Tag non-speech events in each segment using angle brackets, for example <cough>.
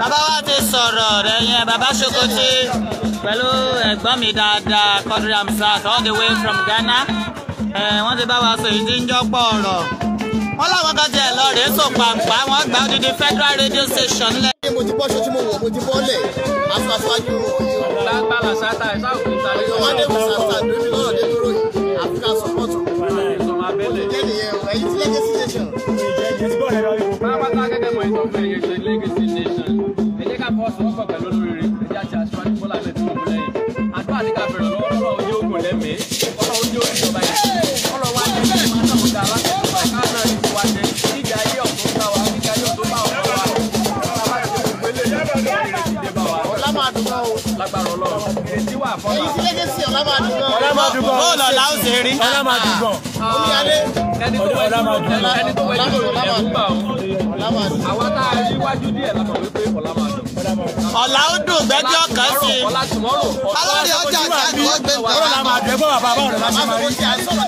bàbá wa ti sọ̀rọ̀ ẹ̀yẹn bàbá Sokoti pẹ̀lú ẹ̀gbọ́n mi dáadáa Quadri South, all the way from Ghana wọ́n ti bá wa sọ èyí tí ń jọ́pọ̀ ọ̀rọ̀ wọ́n láwọn kan tiẹ̀ lọ rèé sọ pàǹpà wọ́n gba odidi federal radio station lẹ. mo ti bọ́ ṣojú mo wọ̀ mo ti bọ́ lẹ̀ aṣọ aṣáájú. lágbára ṣáta ẹ̀ sáà kò ní sáré. èyí tí lẹ́gẹ̀sì ọ̀làmàdùgbọ̀n. ọ̀làmàdùgbọ̀n bọ́ọ̀lù ọ̀la ó ṣe rí. ọ̀làmàdùgbọ̀n. omíyalé ọ̀làmàdùgbọ̀n. ẹni tó wọlé ọ̀làmàdùgbọ̀n. àwọn tá a rí iwájú díẹ̀ lámọ̀ wípé ọ̀làmàdùgbọ̀n. ọ̀la ó dùn gbẹ́jọ́ ọ̀kan sí i. alórí ọjà jáde ó gbé nǹkan. ọ̀làmàdùgbọ̀n bọ́ bàbá báwo lọ́la ṣe máa rí. ṣé ẹ mọ̀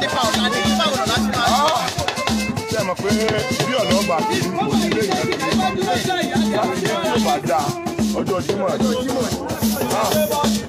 pé bí ọ̀nà ọgbà kì í kú sílé ìdájọ́ ọjọ́ Jímọ̀ ọjọ́ Jímọ̀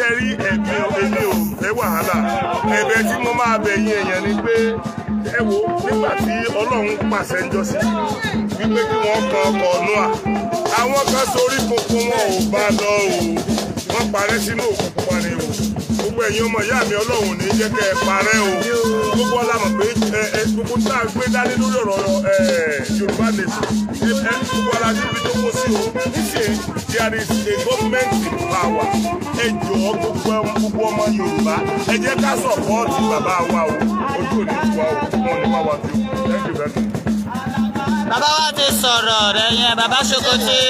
ṣe rí ẹ̀mí èmi ò fẹ́ wàhálà ẹ̀bẹ̀ tí mo máa bẹ̀ yín èèyàn ni pé ẹ wo nígbà tí ọlọ́run pàṣẹ jọ sí wípé kí wọ́n kan ọkọ̀ noa àwọn kan sorí kókó wọn ò bá lọ o wọ́n parẹ́ sínú òkùnkùn wa ni o gbogbo ẹ̀yin ọmọ ìyá mi ọlọ́run ní jẹ́ kẹ́ ẹ parẹ́ o gbogbo ọlá mọ̀ pé ẹ gbogbo tá a gbé dání lórí ọ̀rọ̀ Yorùbá nation ẹ gbogbo ara níbi tó kó sí o ṣe there is a government in power ẹ jọ̀ọ́ gbogbo gbogbo ọmọ Yorùbá ẹ jẹ́ ká sọ̀pọ́ọ̀tì bàbá wa o ojú òní ti wa o wọn ni wá wa fi o thank you very much. bàbá wa ti sọ̀rọ̀ rẹ̀ yẹn bàbá Sokoti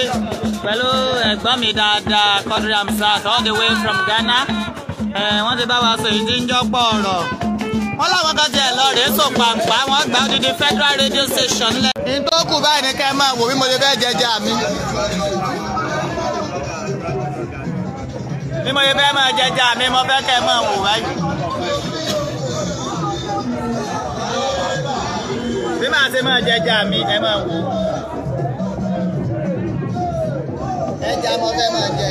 pẹ̀lú ẹ̀gbọ́n mi dáadáa Quadri Hamzat all the way from Ghana wọ́n ti bá wa sọ èyí tí ń jọ́pọ̀ ọ̀rọ̀ wọ́n láwọn kan tiẹ̀ lọ rèé sò pàǹpà wọ́n gba odidi federal radio station lẹ. ìtòkù báyìí ni ká máa wò bí mo ṣe fẹ́ jẹjà mi. bí mo ṣe fẹ́ máa jẹjà mi mo fẹ́ kẹ́ máa wò báyìí. bí màá ṣe máa jẹjà mi ẹ máa wò. ẹja mo fẹ́ máa jẹ.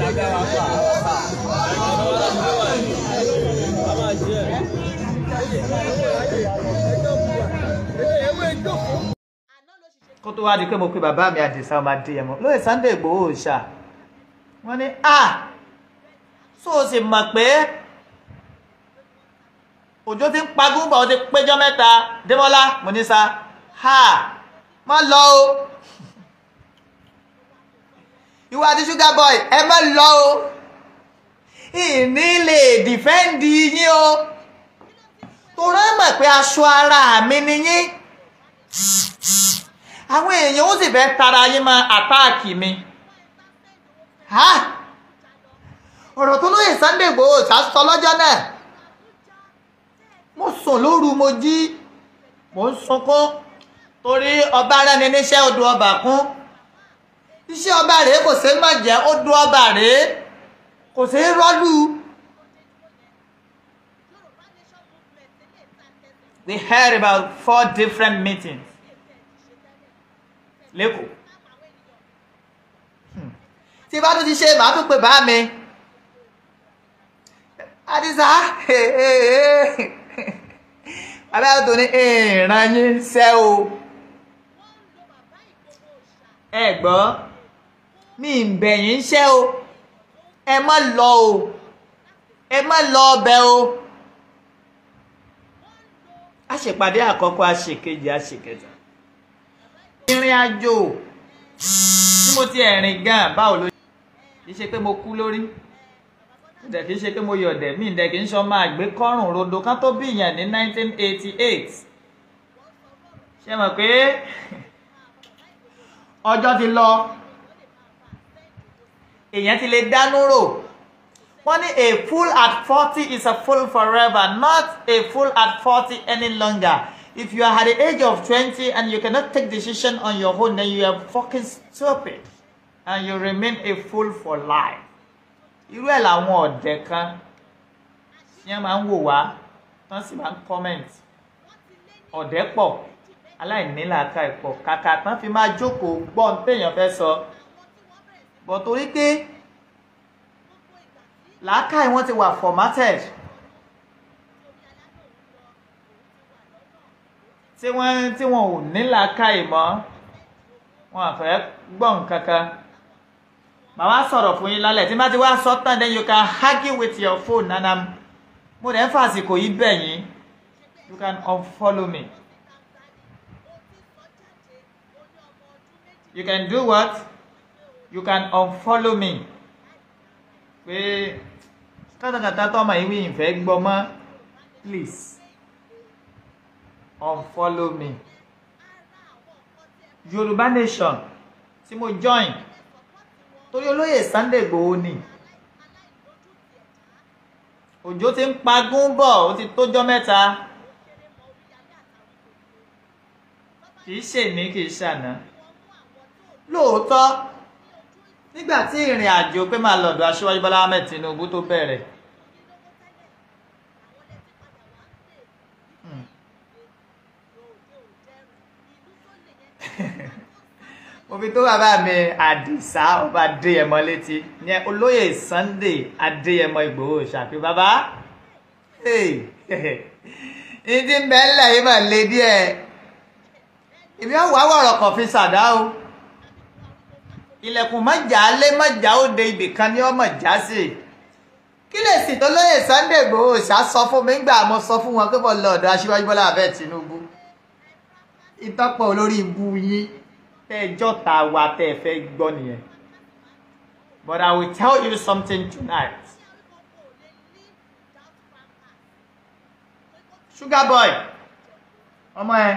lágbára pa. kó tó wá di pé mo pe bàbá mi àdìsá ọmọ adéyẹmọ lóye Sunday Ìgbòho ṣá wọn ní a so o sì mọ̀ pé òjò ti ń pagún bọ̀ ó ti péjọ mẹ́ta Dẹ́mọ́lá mo ní sa ha má lọ o. You are the sugar boy ẹ má lọ o ìní lè dìfẹ́ǹdì yín o torí ẹ mọ̀ pé aṣọ ara mi ni yín àwọn èèyàn ó sì fẹ́ tara yín máa àtáàkì mi ọ̀rọ̀ Sunday Igboho sásọ lọ́jọ́ náà mo sùn lóru mo jí mo ń sunkún torí ọba rán iṣẹ́ ọba rèé kò ṣeé má jẹ́ ó dún ọba rèé kò ṣeé rọ́lù. They held about four different meetings lẹ́kọ̀ọ́. Hmm. tí bá tún ti ṣe màá tún pè bá mi. Adisa bàbá yóò tó ní ìrànyín ṣẹ́ o. Ẹ gbọ́ mi ń bẹ̀ yín ṣẹ́ o ẹ má lọ o ẹ má lọ ọbẹ̀ o àṣèpàdé àkọ́kọ́ àṣèkejì àṣèkẹta ìrìn àjò tí mo ti ẹ̀rìn gan báwo ló kì í ṣe pé mo kú lórí dẹ̀ kì í ṣe pé mo yọ̀dẹ̀ mí dẹ̀ kì í ṣe ọmọ àgbé kọ́rùn rodo ká tó bí ìyàn ní 1988 ṣe mọ̀ pé ọjọ́ ti lọ èèyàn ti lè dánú rò wọ́n ní a fool at forty is a fool forever not a fool at forty any longer if you are at the age of twenty and you cannot take decision on your own then you are fucking stupid and you remain a fool for life irú ẹ̀ làwọn ọ̀dẹ̀ kan yẹn máa ń wò wá wọ́n sì máa ń comment ọ̀dẹ̀ pọ̀ aláìnílàákà ìpọ̀ kàkà tán fi máa jókòó gbọ́ ohun téèyàn fẹ́ sọ. So but torí pé làákàyè wọn ti wà formatted tí wọ́n tí wọ́n ò ní làákàyè mọ́ wọn àfẹ́ gbọ́ nǹkan kan màá sọ̀rọ̀ fún yín lálẹ́ tí bá ti wá sọ tán then you can argue with your phone nana mo dẹ̀ ń fàsìkò yìí bẹ̀ you can unfollow me you can do what you can unfollow me pé kátàkátà tọ́mọ yìí wí ìfẹ́ gbọ́ mọ́ please unfollow me Yorùbá Nation tí mo join torí olóyè Sunday Igboho ni òjò ti ń pagún bọ̀ ó ti tójọ́ mẹ́ta kì í ṣèmí kì í ṣàná lóòótọ́ nígbà tí ìrìn àjò pé máa lọ̀dọ̀ aṣíwájú bọ́lá ahmed tinubu tó bẹ̀rẹ̀ òfin hmm. <laughs> tó bàbá mi àdìsá ọba adéyẹmọ létí ní olóyè sunday adéyẹmọ ìgbòho ṣàfi bàbá <laughs> ìdí ń bẹ́ẹ̀ lẹ́yìn mọ̀ lé díẹ̀ ìbí ọ̀wọ́ àwọ̀rọ̀ kan fi ṣàdá o ilẹ̀kùn mọ̀jà alẹ́ mọ̀jà òde ibì kan ni wọ́n mọ̀jà sí kí lè sì tó lóye Sunday Igboho ṣá sọ fún mi gbà mo sọ fún wọn pé lọ ọ̀dọ̀ aṣíwájú Bọ́lá abẹ́ Tinubu ìtọ́pọ̀ olórí ibu yín tẹ́jọ́ ta wa tẹ́ fẹ́ gbọ́ nìyẹn but I will tell you something tonight Sugar Boy ọmọ ẹ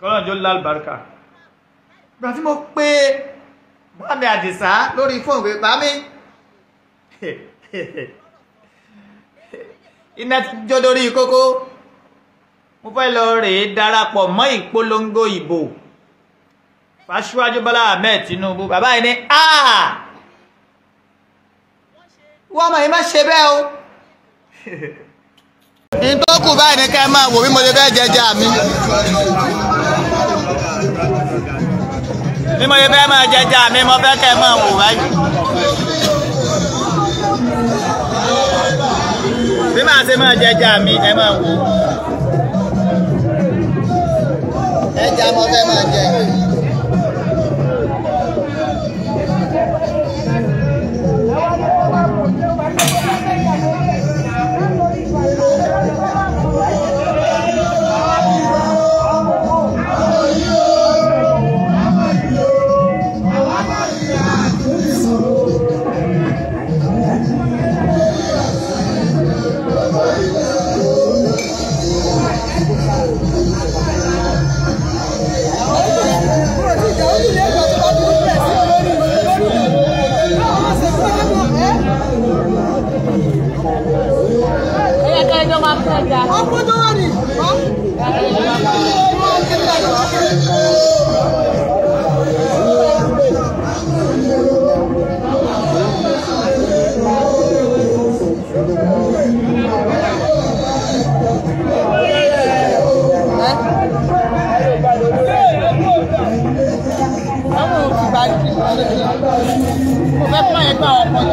kọ́lọ́njọ́ lálùbáríkà ìgbà tí mo pe bámi àdìsá lórí fóònù pé bámi <laughs> iná ti jó dórí kókó mo fẹ́ lọ rèé darapọ̀ mọ́ ìpolongo ìbò fàṣíwájú bọ́lá ahmed tinubu bàbá yìí ni áà wọ́n mọ̀ yín má ṣe bẹ́ẹ̀ o <laughs> ní tó kù báyìí ní ká máa wò bí mo ṣe fẹ́ jẹjẹ mi bí mo ṣe fẹ́ máa jẹjà mi mo fẹ́ kẹ́ máa wò báyìí. bí màá ṣe máa jẹjà mi ẹ máa wò. ẹja mo fẹ́ máa jẹ.